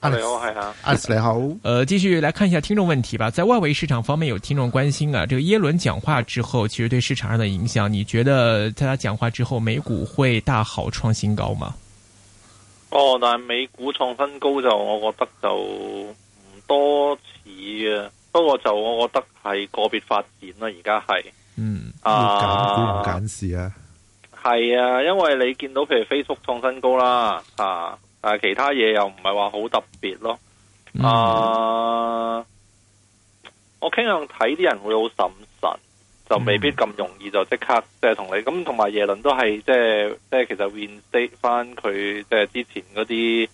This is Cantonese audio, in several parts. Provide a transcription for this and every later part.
阿你好，係吓，Alex 你好。誒，繼續來看一下聽眾問題吧。在外圍市場方面，有聽眾關心啊，這個耶倫講話之後，其實對市場上的影響，你覺得在他講話之後，美股會大好創新高嗎？哦，但係美股創新高就，我覺得就唔多似啊。不過就我覺得係個別發展啦，而家係嗯啊，減股唔減市啊，係啊，因為你見到譬如 Facebook 創新高啦，啊。但其他嘢又唔係話好特別咯，啊、mm，hmm. uh, 我傾向睇啲人會好審慎，就未必咁容易就刻即刻即係同你咁，同埋耶倫都係即係即係其實回釋翻佢即係之前嗰啲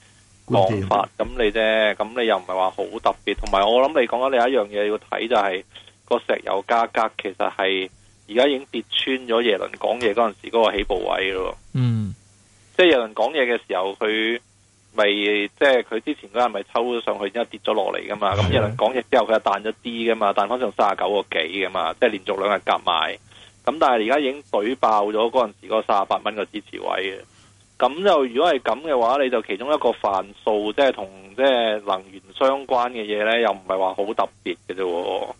講法咁棒你啫，咁你又唔係話好特別，同埋我諗你講緊你有一樣嘢要睇就係、是、個石油價格其實係而家已經跌穿咗耶倫講嘢嗰陣時嗰個起步位咯，嗯、mm，hmm. 即係耶倫講嘢嘅時候佢。咪即係佢之前嗰日咪抽咗上去，然之後跌咗落嚟噶嘛？咁日輪講嘢之後，佢又彈咗啲噶嘛？彈翻上三十九個幾噶嘛？即係連續兩日夾埋。咁但係而家已經懟爆咗嗰陣時嗰三十八蚊嘅支持位嘅。咁就如果係咁嘅話，你就其中一個範數，即係同即係能源相關嘅嘢咧，又唔係話好特別嘅啫。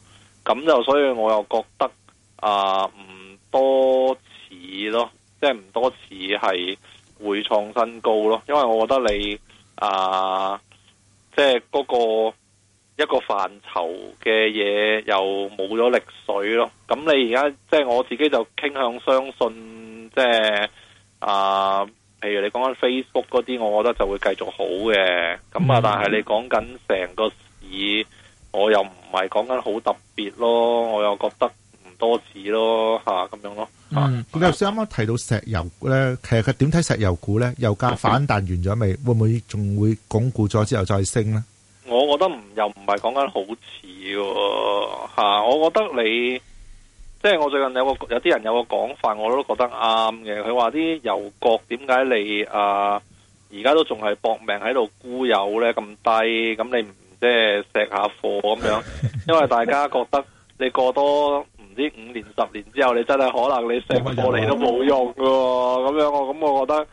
咁就所以我又覺得啊，唔多似咯，即係唔多似係會創新高咯。因為我覺得你。啊！Uh, 即係嗰個一個範疇嘅嘢又冇咗力水咯。咁你而家即係我自己就傾向相信，即係啊，uh, 譬如你講緊 Facebook 嗰啲，我覺得就會繼續好嘅。咁啊，但係你講緊成個市，我又唔係講緊好特別咯。我又覺得。多次咯，吓咁樣咯。嗯，你頭先啱啱提到石油咧，其實佢點睇石油股咧？油價反彈完咗未？會唔會仲會鞏固咗之後再升咧？我覺得唔又唔係講緊好似，吓，我覺得你即係我最近有個有啲人有個講法，我都覺得啱嘅。佢話啲油國點解你啊而家都仲係搏命喺度沽油咧咁低？咁你唔即係石下貨咁樣？因為大家覺得你過多。啲五年十年之後，你真係可能你成個嚟都冇用嘅喎、哦，咁樣我咁、哦、我覺得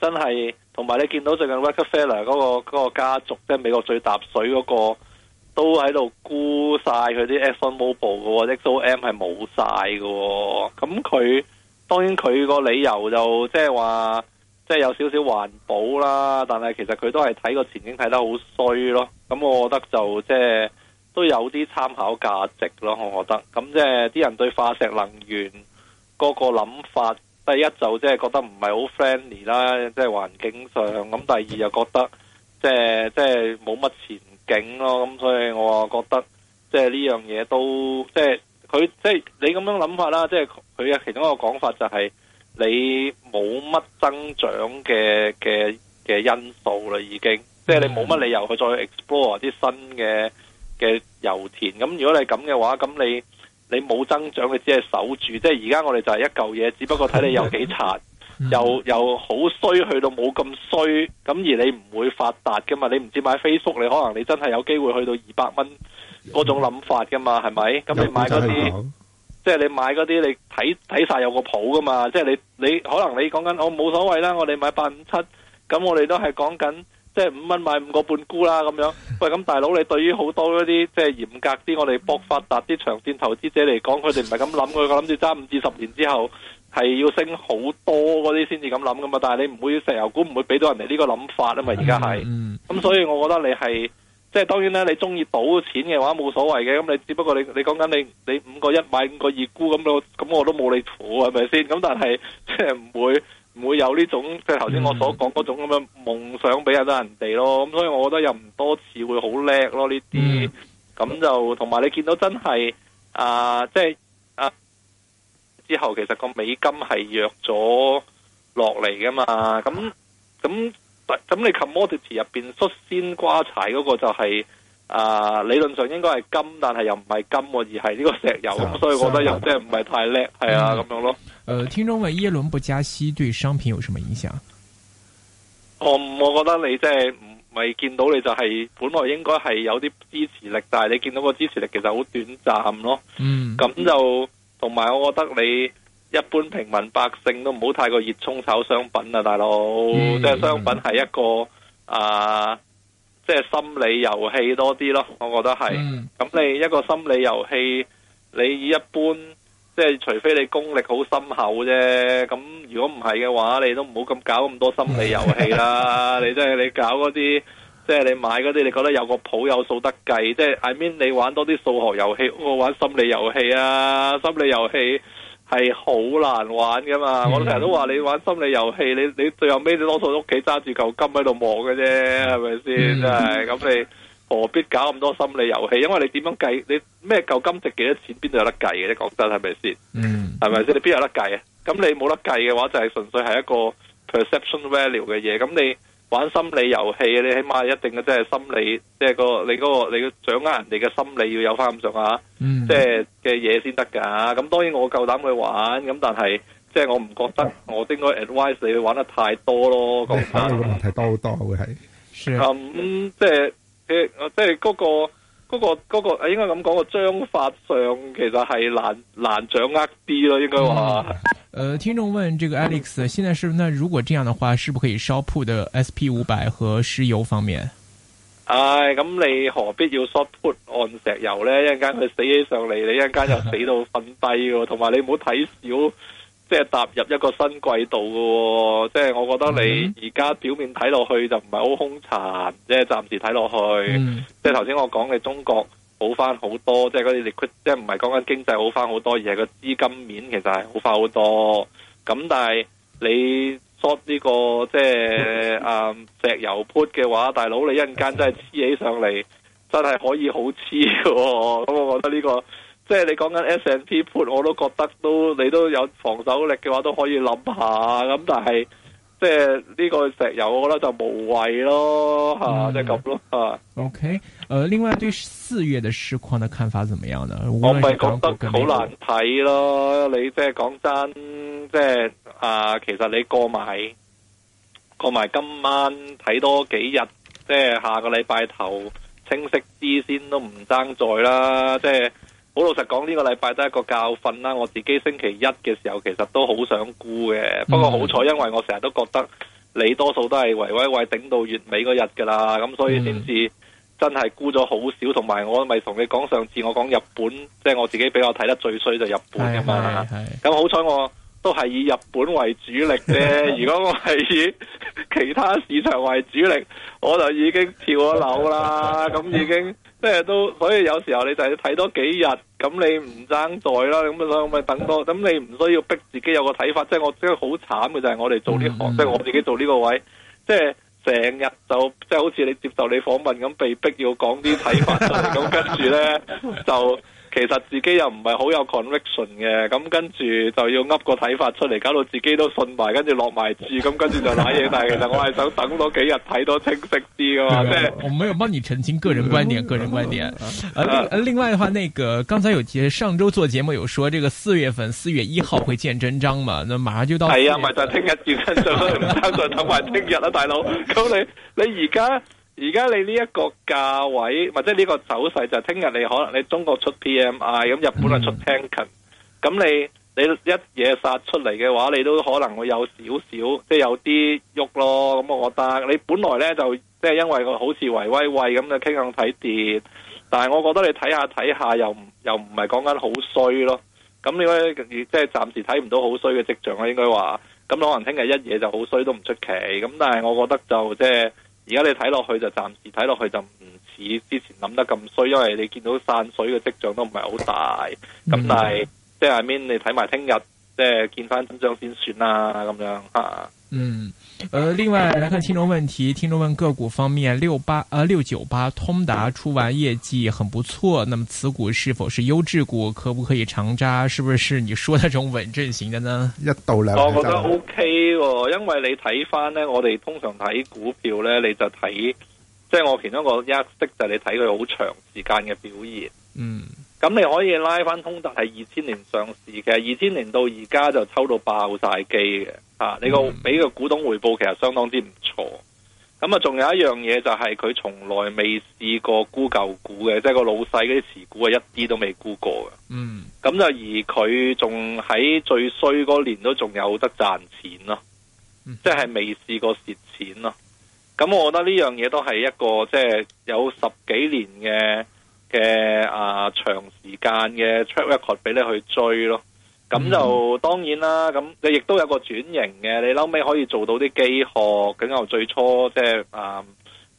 真係，同埋你見到最近 r a c h t e r f e l d r 個嗰、那個家族即係美國最搭水嗰、那個，都喺度估晒佢啲 Exxon Mobil 嘅喎 e x x o m 係冇晒嘅喎，咁、嗯、佢當然佢個理由就即係話，即、就、係、是、有少少環保啦，但係其實佢都係睇個前景睇得好衰咯，咁、嗯、我覺得就即係。就是都有啲參考價值咯，我覺得。咁即係啲人對化石能源個個諗法，第一就即係覺得唔係好 friendly 啦，即係環境上。咁第二又覺得即係即係冇乜前景咯。咁所以我覺得即係呢樣嘢都即係佢即係你咁樣諗法啦。即係佢嘅其中一個講法就係你冇乜增長嘅嘅嘅因素啦，已經即係你冇乜理由去再 explore 啲新嘅。嘅油田咁，如果你咁嘅話，咁你你冇增長嘅，你只係守住。即係而家我哋就係一嚿嘢，只不過睇你有幾殘，嗯、又又好衰去到冇咁衰。咁而你唔會發達噶嘛？你唔知買 Facebook，你可能你真係有機會去到二百蚊嗰種諗法噶嘛？係咪、嗯？咁你買嗰啲，即係你買嗰啲，你睇睇晒有個譜噶嘛？即係你你可能你講緊我冇所謂啦，我哋買八五七，咁我哋都係講緊。即係五蚊買五個半沽啦，咁樣，喂，咁大佬你對於好多嗰啲即係嚴格啲，我哋博發達啲長線投資者嚟講，佢哋唔係咁諗嘅，佢諗住揸五至十年之後係要升好多嗰啲先至咁諗噶嘛，但係你唔會石油股唔會俾到人哋呢個諗法啊嘛，而家係，咁、嗯、所以我覺得你係即係當然咧，你中意賭錢嘅話冇所謂嘅，咁你只不過你你講緊你你五個一買五個二沽，咁我咁我都冇你符，係咪先？咁但係即係唔會。是唔會有呢種即係頭先我所講嗰種咁嘅夢想俾人啊人哋咯，咁、嗯、所以我覺得又唔多似會好叻咯呢啲，咁、嗯、就同埋你見到真係、呃、啊，即係啊之後其實個美金係弱咗落嚟噶嘛，咁咁咁你 commodities 入邊率先瓜柴嗰個就係、是。啊，理論上應該係金，但係又唔係金，而係呢個石油，咁、啊、所以我覺得又即係唔係太叻，係、嗯、啊咁、嗯、樣咯。誒、呃，聽眾嘅耶倫一輪不加息對商品有什麼影響？我、嗯、我覺得你即係唔係見到你就係、是、本來應該係有啲支持力，但係你見到個支持力其實好短暫咯。咁、嗯、就同埋我覺得你一般平民百姓都唔好太過熱衷炒商品啊，大佬，即係商品係一個啊。即係心理遊戲多啲咯，我覺得係。咁你一個心理遊戲，你一般即係除非你功力好深厚啫。咁如果唔係嘅話，你都唔好咁搞咁多心理遊戲啦。 你即係你搞嗰啲，即係你買嗰啲，你覺得有個譜有數得計。即係 I mean，你玩多啲數學遊戲，我玩心理遊戲啊，心理遊戲。係好難玩噶嘛，Yeah. 我成日都話你玩心理遊戲，你你最後尾你多數喺屋企揸住嚿金喺度望嘅啫，係咪先？真係、mm，咁、hmm. 你何必搞咁多心理遊戲？因為你點樣計？你咩嚿金值幾多錢？邊度有得計嘅、mm hmm.？你覺得係咪先？嗯，係咪先？你邊有得計啊？咁你冇得計嘅話，就係、是、純粹係一個 perception value 嘅嘢。咁你。玩心理遊戲，你起碼一定嘅，即係心理，即係個你嗰個你要掌握人哋嘅心理，要有翻咁上下，即係嘅嘢先得噶。咁當然我夠膽去玩，咁但係即係我唔覺得我應該 advice 你玩得太多咯。咁啊，問題多好多會係。是咁即係即係即係嗰個嗰個嗰個，應該咁講個章法上，其實係難難掌握啲咯，應該話。嗯誒、呃，聽眾問：這個 Alex，現在是，那如果這樣的話，是不可以 short put 的 SP 五百和石油方面？唉、哎，咁你何必要 short put on 石油呢？一陣間佢死起上嚟，你一陣間又死到瞓低噶，同埋 你唔好睇小，即係踏入一個新季度噶、哦，即係我覺得你而家表面睇落去就唔係好兇殘，即係暫時睇落去，嗯、即係頭先我講嘅中國。好翻好多，即係嗰啲 liquid 即係唔係講緊經濟好翻好多，而係個資金面其實係好翻好多。咁但係你 short 呢個即係啊石油 put 嘅話，大佬你一陣間真係黐起上嚟，真係可以好黐嘅。咁我覺得呢個即係你講緊 S&P put，我都覺得都你都有防守力嘅話，都可以諗下。咁但係。即係呢個石油，我覺得就無謂咯，吓，即係咁咯，吓。O K，誒，另外對四月嘅市況嘅看法怎麼樣呢？我咪覺得好難睇咯。你即係講真，即係啊，其實你過埋過埋今晚睇多幾日，即係下個禮拜頭清晰啲先都唔爭在啦，即係。好老實講，呢、這個禮拜都係一個教訓啦。我自己星期一嘅時候，其實都好想沽嘅，嗯、不過好彩，因為我成日都覺得你多數都係圍圍圍頂到月尾嗰日噶啦，咁所以先至真係沽咗好少。同埋、嗯、我咪同你講，上次我講日本，即、就、係、是、我自己比較睇得最衰就日本噶嘛。咁好彩，我都係以日本為主力啫。 如果我係以其他市場為主力，我就已經跳咗樓啦。咁 已經。 即係都，所以有時候你就係睇多幾日，咁你唔爭在啦，咁咪咁咪等多，咁你唔需要逼自己有個睇法。即係我即係好慘嘅就係、是、我哋做呢行，即係、嗯嗯、我自己做呢個位，即係成日就即係、就是、好似你接受你訪問咁，被逼要講啲睇法出嚟。咁、就是，跟住咧就。其實自己又唔係好有 conviction 嘅，咁跟住就要噏個睇法出嚟，搞到自己都信埋，跟住落埋字。咁跟住就瀨嘢。但係其實我係想等多幾日睇多清晰啲㗎嘛，即係。我冇有幫你澄清個人觀點，嗯、個人觀點。啊、另另外嘅話，那個剛才有節上周做節目有說，這個四月份四月一號會見真章嘛，那馬上就到。係、嗯、啊，咪就聽日見真章唔好再等埋聽日啦，大佬。咁你你而家而家你呢一個價位，或者呢個走勢，就聽日你可能你中國出 PMI，咁日本啊出 Tankan，咁你你一嘢殺出嚟嘅話，你都可能會有少少，即係有啲喐咯。咁我覺得你本來咧就即係因為好似維威威咁嘅傾向睇跌，但係我覺得你睇下睇下又又唔係講緊好衰咯。咁呢位即係暫時睇唔到好衰嘅跡象咯，我應該話。咁可能聽日一嘢就好衰都唔出奇。咁但係我覺得就即係。而家你睇落去就暫時睇落去就唔似之前諗得咁衰，因為你見到散水嘅跡象都唔係好大，咁但係即係 mean 你睇埋聽日。即係見翻真相先算啦，咁樣吓。嗯，誒、呃，另外嚟看聽眾問題，聽眾問個股方面，六八啊，六九八通達出完業績很不錯，那麼此股是否是優質股？可不可以長揸？是不是你說那種穩陣型的呢？一到兩，我、哦、覺得 OK 喎、哦，因為你睇翻咧，我哋通常睇股票咧，你就睇，即係我其中一個 yardstick，就係你睇佢好長時間嘅表現，嗯。咁你可以拉翻通達係二千年上市嘅，二千年到而家就抽到爆晒機嘅，吓、mm. 啊、你個俾個股東回報其實相當之唔錯。咁、就是 mm. 啊，仲有一樣嘢就係佢從來未試過沽舊股嘅，即係個老細嗰啲持股啊一啲都未沽過嘅。嗯，咁就而佢仲喺最衰嗰年都仲有得賺錢咯，即係未試過蝕錢咯。咁我覺得呢樣嘢都係一個即係、就是、有十幾年嘅。嘅啊，長時間嘅 track record 俾你去追咯，咁就、mm hmm. 當然啦。咁你亦都有個轉型嘅，你後尾可以做到啲機殼，咁由最初即係啊，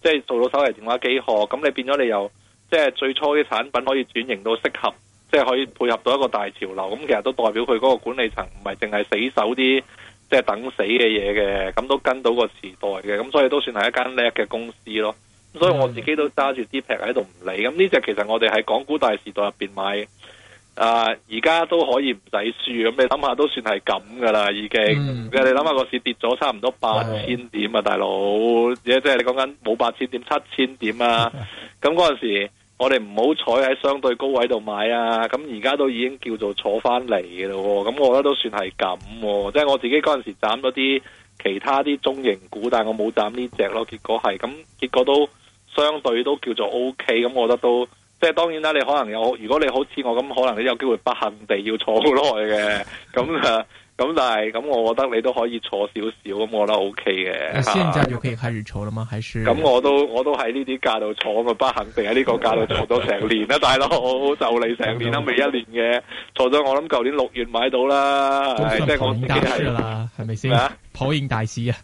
即係做到手提電話機殼，咁你變咗你又即係最初啲產品可以轉型到適合，即係可以配合到一個大潮流。咁其實都代表佢嗰個管理層唔係淨係死守啲即係等死嘅嘢嘅，咁都跟到個時代嘅，咁所以都算係一間叻嘅公司咯。所以我自己都揸住啲劈喺度唔理，咁呢隻其實我哋喺港股大時代入邊買，啊而家都可以唔使輸，咁你諗下都算係咁噶啦，已經。嗯、你諗下個市跌咗差唔多八千點啊，的大佬，即係你講緊冇八千點七千點啊，咁嗰陣時我哋唔好彩喺相對高位度買啊，咁而家都已經叫做坐翻嚟嘅咯。咁我覺得都算係咁、啊，即係我自己嗰陣時斬咗啲其他啲中型股，但係我冇斬呢隻咯，結果係咁，結果都。相對都叫做 O K，咁我覺得都即係當然啦。你可能有，如果你好似我咁，可能你有機會不幸地要坐好耐嘅，咁、嗯、啊，咁、嗯、但係咁、嗯，我覺得你都可以坐少少，咁、嗯、我覺得 O K 嘅。啊、現在就可以開始坐了嗎？還是咁、嗯、我都我都喺呢啲價度坐，咁不幸地喺呢個價度坐到成年啦，大佬就你成年都未一年嘅，坐咗我諗舊年六月買到啦，即係我自己係啦，係咪先？破影大事啊！嗯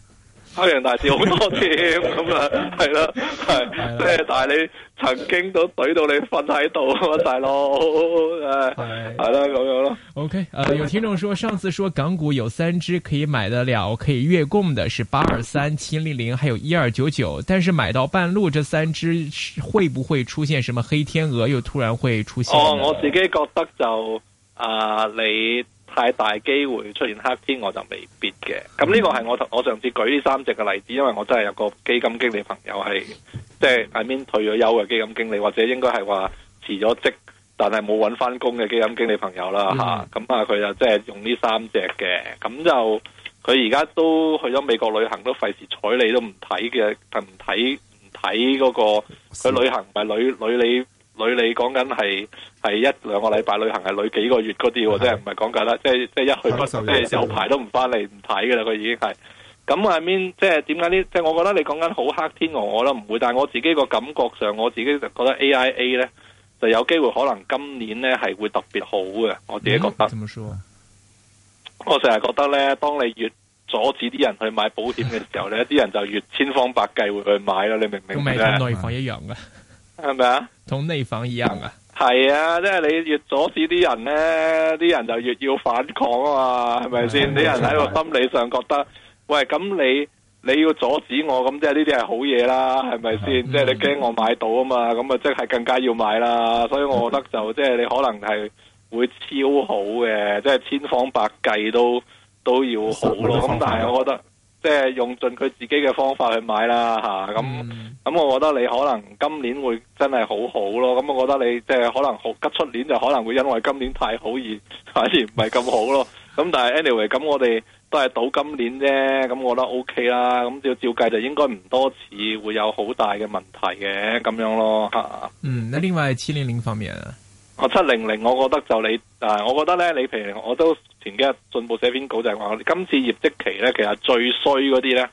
黑人大事好多添，咁啊，係啦，係，即係但係你曾經都懟到你瞓喺度，大佬，係，係啦咁樣咯。OK，誒、呃，有聽眾說上次說港股有三隻可以買得了，可以月供嘅，是八二三、七零零，還有一二九九。但是買到半路，這三隻會不會出現什麼黑天鵝，又突然會出現？哦、 嗯，我自己覺得就，啊、呃，你。太大機會出現黑天我就未必嘅。咁呢個係我我上次舉呢三隻嘅例子，因為我真係有個基金經理朋友係，即係 I mean 退咗休嘅基金經理，或者應該係話辭咗職，但係冇揾翻工嘅基金經理朋友啦嚇，咁啊佢就即係、就是、用呢三隻嘅。咁就佢而家都去咗美國旅行，都費事睬你，都唔睇嘅，唔睇唔睇嗰個佢旅行同埋旅旅你。女你講緊係係一兩個禮拜旅行，係旅幾個月嗰啲喎，即係唔係講緊啦，即係即係一去不返即係有排都唔翻嚟唔睇噶啦，佢、呃、已經係咁外面即係點解呢？即係我覺得你講緊好黑天鵝，我覺得唔會，但係我自己個感覺上，我自己覺得 AIA 呢，就有機會可能今年呢係會特別好嘅，我自己覺得。嗯啊、我成日覺得呢，當你越阻止啲人去買保險嘅時候呢啲 人就越千方百計會去買咯。你明唔明啊？同內房一樣嘅。 係咪啊？同內房一樣啊？係啊，即、就、係、是、你越阻止啲人咧，啲人就越要反抗啊！嘛、啊，係咪先？啲人喺個心理上覺得，喂，咁你你要阻止我，咁即係呢啲係好嘢啦，係咪先？啊嗯、即係你驚我買到啊嘛，咁啊，即係更加要買啦。所以我覺得就即係、啊、你可能係會超好嘅，即係、啊、千方百計都都要好咯。咁、啊啊、但係我覺得。即係用盡佢自己嘅方法去買啦吓，咁咁我覺得你可能今年會真係好好咯，咁我覺得你即係可能好，出年就可能會因為今年太好而反而唔係咁好咯。咁但係 anyway，咁我哋都係賭今年啫，咁我覺得 OK 啦，咁照照計就應該唔多似會有好大嘅問題嘅咁樣咯吓。嗯，那另外七零零方面，啊七零零，我覺得就你，誒、啊，我覺得咧，你譬如我都。嗯嗯前幾日進步寫篇稿就係話，今次業績期咧，其實最衰嗰啲咧，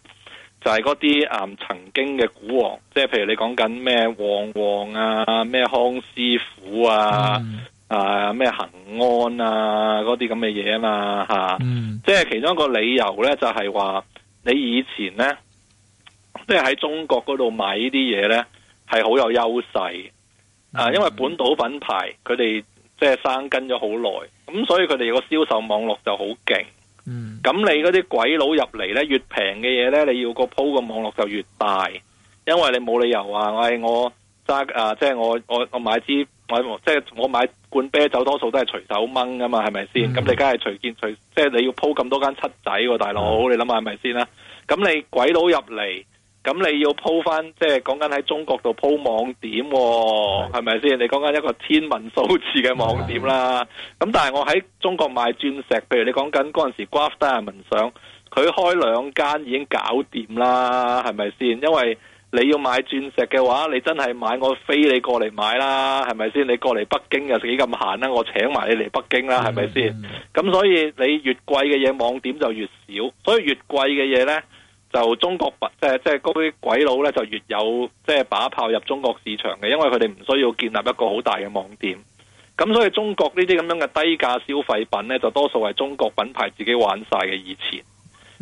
就係嗰啲啊曾經嘅股王，即係譬如你講緊咩旺旺啊、咩康師傅啊、嗯、啊咩恒安啊嗰啲咁嘅嘢啊嘛嚇，嗯、即係其中一個理由咧，就係、是、話你以前咧，即係喺中國嗰度買呢啲嘢咧，係好有優勢、嗯、啊，因為本土品牌佢哋即係生根咗好耐。咁、嗯、所以佢哋個銷售網絡就好勁，咁、嗯、你嗰啲鬼佬入嚟咧，越平嘅嘢咧，你要個鋪個網絡就越大，因為你冇理由話，喂我揸啊，即、哎、係我、啊就是、我我，我買支，即係、就是、我買罐啤酒，多數都係隨手掹㗎嘛，係咪先？咁、嗯、你梗係隨見隨，即係、就是、你要鋪咁多間七仔，大佬，嗯、你諗下係咪先啦？咁你鬼佬入嚟。咁你要鋪翻，即係講緊喺中國度鋪網點喎、哦，係咪先？你講緊一個天文數字嘅網點啦。咁的但係我喺中國買鑽石，譬如你講緊嗰陣時，Graff Diamonds，佢開兩間已經搞掂啦，係咪先？因為你要買鑽石嘅話，你真係買我飛你過嚟買啦，係咪先？你過嚟北京又幾咁閒啦？我請埋你嚟北京啦，係咪先？咁的所以你越貴嘅嘢網點就越少，所以越貴嘅嘢呢。就中國品即係即係嗰啲鬼佬咧，就越有即係、即係、把炮入中國市場嘅，因為佢哋唔需要建立一個好大嘅網店。咁所以中國呢啲咁樣嘅低價消費品咧，就多數係中國品牌自己玩晒嘅以前。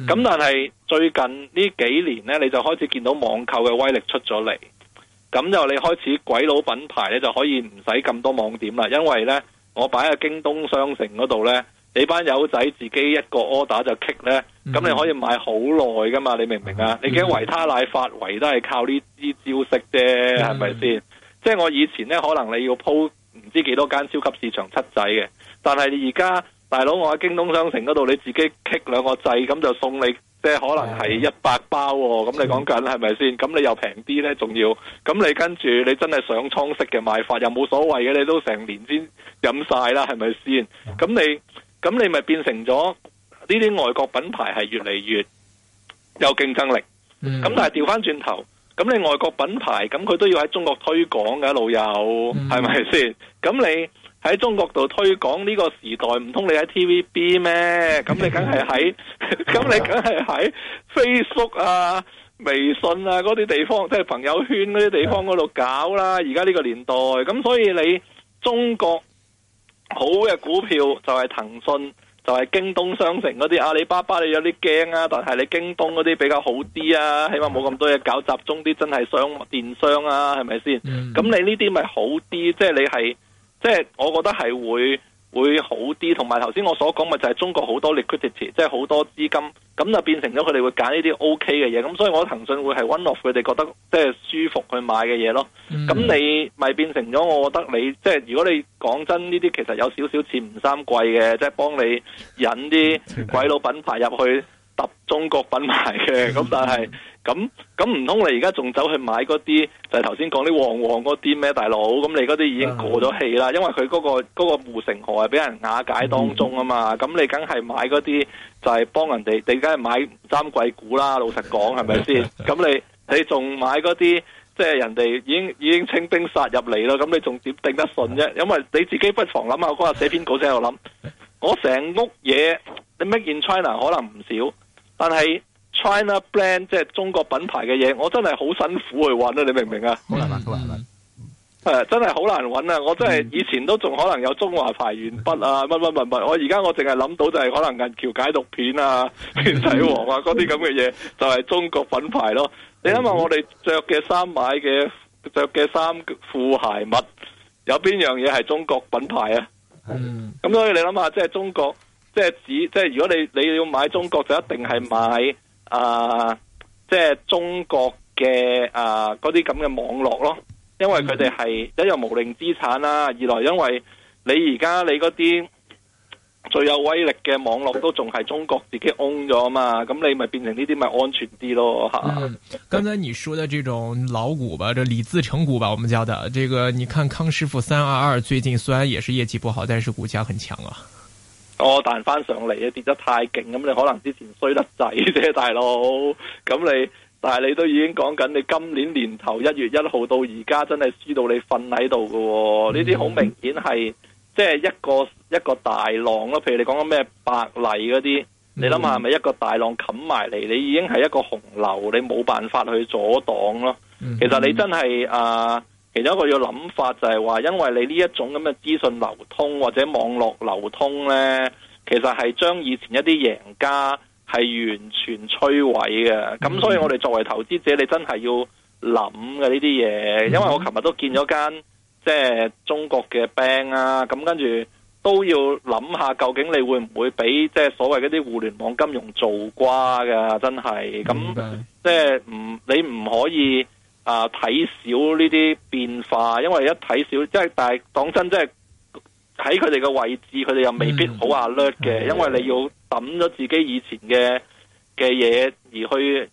咁但係最近呢幾年咧，你就開始見到網購嘅威力出咗嚟。咁就你開始鬼佬品牌咧就可以唔使咁多網點啦，因為咧我擺喺京東商城嗰度咧，你班友仔自己一個 order 就棘咧。咁、嗯、你可以買好耐噶嘛？你明唔明啊？嗯、你嘅維他奶發圍都係靠呢啲招式啫，係咪先？是是即係我以前呢，可能你要鋪唔知幾多間超級市場七仔嘅，但係你而家大佬我喺京東商城嗰度，你自己劈兩個掣咁就送你，即係可能係一百包喎、哦。咁、嗯、你講緊係咪先？咁你又平啲呢？仲要咁你跟住你真係上倉式嘅賣法又冇所謂嘅，你都成年先飲晒啦，係咪先？咁、嗯、你咁你咪變成咗？呢啲外國品牌係越嚟越有競爭力，咁、mm hmm. 但係調翻轉頭，咁你外國品牌咁佢都要喺中國推廣噶、啊，老友係咪先？咁、mm hmm. 你喺中國度推廣呢個時代，唔通你喺 TVB 咩？咁你梗係喺，咁、mm hmm. 你梗係喺 Facebook 啊、微信啊嗰啲地方，即係朋友圈嗰啲地方嗰度搞啦。而家呢個年代，咁所以你中國好嘅股票就係騰訊。就係京東商城嗰啲，阿里巴巴你有啲驚啊，但係你京東嗰啲比較好啲啊，起碼冇咁多嘢，搞集中啲，真係商電商啊，係咪先？咁、mm hmm. 你呢啲咪好啲？即係你係，即係我覺得係會。會好啲，同埋頭先我所講嘅就係中國好多 liquidity，即係好多資金，咁就變成咗佢哋會揀呢啲 OK 嘅嘢，咁所以我覺得騰訊會係 one of 佢哋覺得即係舒服去買嘅嘢咯。咁、mm hmm. 你咪變成咗，我覺得你即係如果你講真呢啲，其實有少少似吳三桂嘅，即係幫你引啲鬼佬品牌入去揼中國品牌嘅，咁但係。Mm hmm. 咁咁唔通你而家仲走去買嗰啲就係頭先講啲旺旺嗰啲咩？大佬，咁你嗰啲已經過咗氣啦，因為佢嗰、嗰個嗰、嗰個護城河係俾人瓦解當中啊嘛，咁、嗯、你梗係買嗰啲就係幫人哋，你梗係買三貴股啦，老實講係咪先？咁 你你仲買嗰啲即係人哋已經已經清兵殺入嚟啦，咁你仲點定得順啫？ 因為你自己不妨諗下，我嗰日寫篇稿仔喺度諗，我成屋嘢你 made in China 可能唔少，但係。China brand 即係中國品牌嘅嘢，我真係好辛苦去揾啊！你明唔明啊？好、嗯嗯、 難揾，好難揾，真係好難揾啊！我真係以前都仲可能有中華牌鉛筆啊，乜乜乜乜。我而家我淨係諗到就係可能銀橋解毒片啊、片仔癀啊嗰啲咁嘅嘢，就係、是、中國品牌咯。你諗下，我哋着嘅衫、買嘅着嘅衫褲鞋襪，有邊樣嘢係中國品牌啊？咁所、嗯、以你諗下，即、就、係、是、中國，即係指，即、就、係、是就是、如果你你要買中國，就一定係買。啊、呃，即係中國嘅啊，嗰啲咁嘅網絡咯，因為佢哋係一嚟無令資產啦，二來因為你而家你嗰啲最有威力嘅網絡都仲係中國自己 own 咗嘛，咁你咪變成呢啲咪安全啲咯。嗯，剛才你說的這種老股吧，這李自成股吧，我們叫的，這個你看康師傅三二二最近雖然也是業績不好，但是股價很強啊。我彈翻上嚟啊！跌得太勁咁，你可能之前衰得滯啫，大佬。咁你，但係你都已經講緊你今年年頭一月一號到而家，真係輸到你瞓喺度㗎喎。呢啲好明顯係，即係一個一個大浪咯。譬如你講緊咩白泥嗰啲，嗯、哼你諗下係咪一個大浪冚埋嚟？你已經係一個洪流，你冇辦法去阻擋咯。其實你真係啊～、呃其中一個要諗法就係話，因為你呢一種咁嘅資訊流通或者網絡流通呢，其實係將以前一啲贏家係完全摧毀嘅。咁、mm hmm. 所以我哋作為投資者，你真係要諗嘅呢啲嘢。Mm hmm. 因為我琴日都見咗間即係中國嘅 bank 啊，咁跟住都要諗下究竟你會唔會俾即係所謂嗰啲互聯網金融做瓜嘅？真係咁即係唔你唔可以。啊！睇少呢啲變化，因為一睇少，即係但係講真，即係喺佢哋嘅位置，佢哋又未必好阿叻嘅，嗯、因為你要抌咗自己以前嘅嘅嘢，而去，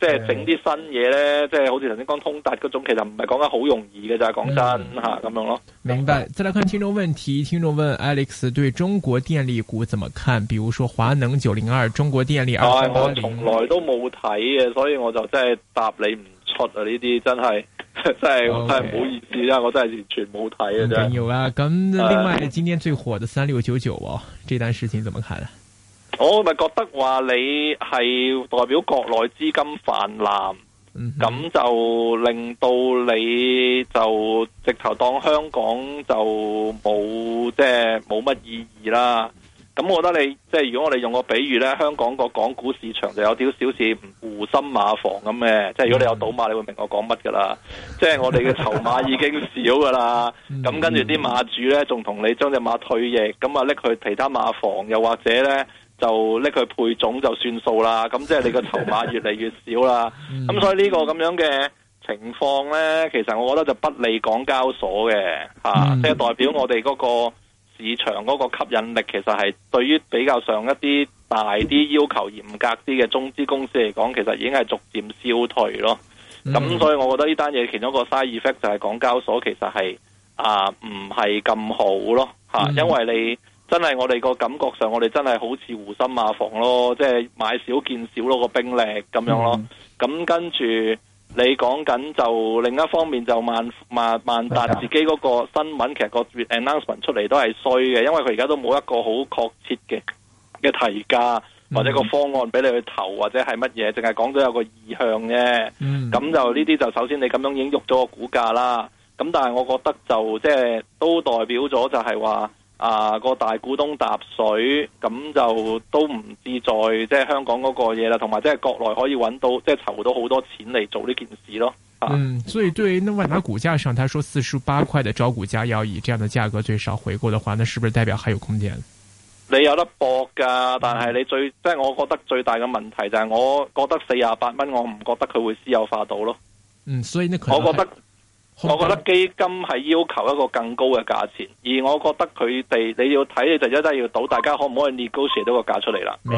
即係整啲新嘢咧，即係、嗯、好似頭先講通達嗰種，其實唔係講得好容易嘅就咋，講真吓咁、嗯、樣咯。明白。再來看聽眾問題，聽眾問 Alex 對中國電力股怎麼看？比如說華能九零二、中國電力二三八、哎、我從來都冇睇嘅，所以我就真係答你唔。呢啲真係真係，真係唔好意思啦，Okay. 我真係完全冇睇嘅啫。嗯、有啊，咁另外，今年最火嘅三六九九哦，呢單、呃、事情點睇咧？我咪覺得話你係代表國內資金泛濫，咁、嗯、哼就令到你就直頭當香港就冇即係冇乜意義啦。咁我覺得你即係如果我哋用個比喻咧，香港個港股市場就有啲小似湖心馬房咁嘅，即係如果你有賭馬，你會明我講乜噶啦。即係我哋嘅籌碼已經少噶啦，咁 跟住啲馬主咧，仲同你將隻馬退役，咁啊拎去其他馬房，又或者咧就拎去配種就算數啦。咁即係你個籌碼越嚟越少啦。咁 所以這個這呢個咁樣嘅情況咧，其實我覺得就不利港交所嘅，吓即係代表我哋嗰、那個。市場嗰個吸引力其實係對於比較上一啲大啲、要求嚴格啲嘅中資公司嚟講，其實已經係逐漸消退咯。咁、mm hmm. 所以，我覺得呢單嘢其中一個 side effect 就係港交所其實係啊，唔係咁好咯嚇，mm hmm. 因為你真係我哋個感覺上，我哋真係好似湖心馬房咯，即係買少見少嗰個兵力咁樣咯。咁、mm hmm. 跟住。你講緊，就另一方面，就萬萬萬達自己嗰個新聞，其實個 announcement 出嚟都係衰嘅，因為佢而家都冇一個好確切嘅嘅提價或者個方案俾你去投或者係乜嘢，淨係講咗有個意向啫。咁、嗯、就呢啲就首先你咁樣已經喐咗個股價啦。咁但係我覺得就即係、就是、都代表咗就係話。啊！個大股東搭水咁就都唔志在，即係香港嗰個嘢啦，同埋即係國內可以揾到，即係籌到好多錢嚟做呢件事咯。嗯，所以對於呢萬達股價上，佢說四十八塊嘅招股價要以這樣嘅價格最少回購的話，那是不是代表還有空間？你有得搏㗎，但係你最即係我覺得最大嘅問題就係，我覺得四廿八蚊，我唔覺得佢會私有化到咯。嗯，所以呢，我覺得。我覺得基金係要求一個更高嘅價錢，而我覺得佢哋你要睇，你第一真係要賭大家可唔可以 negotiate 到個價出嚟啦。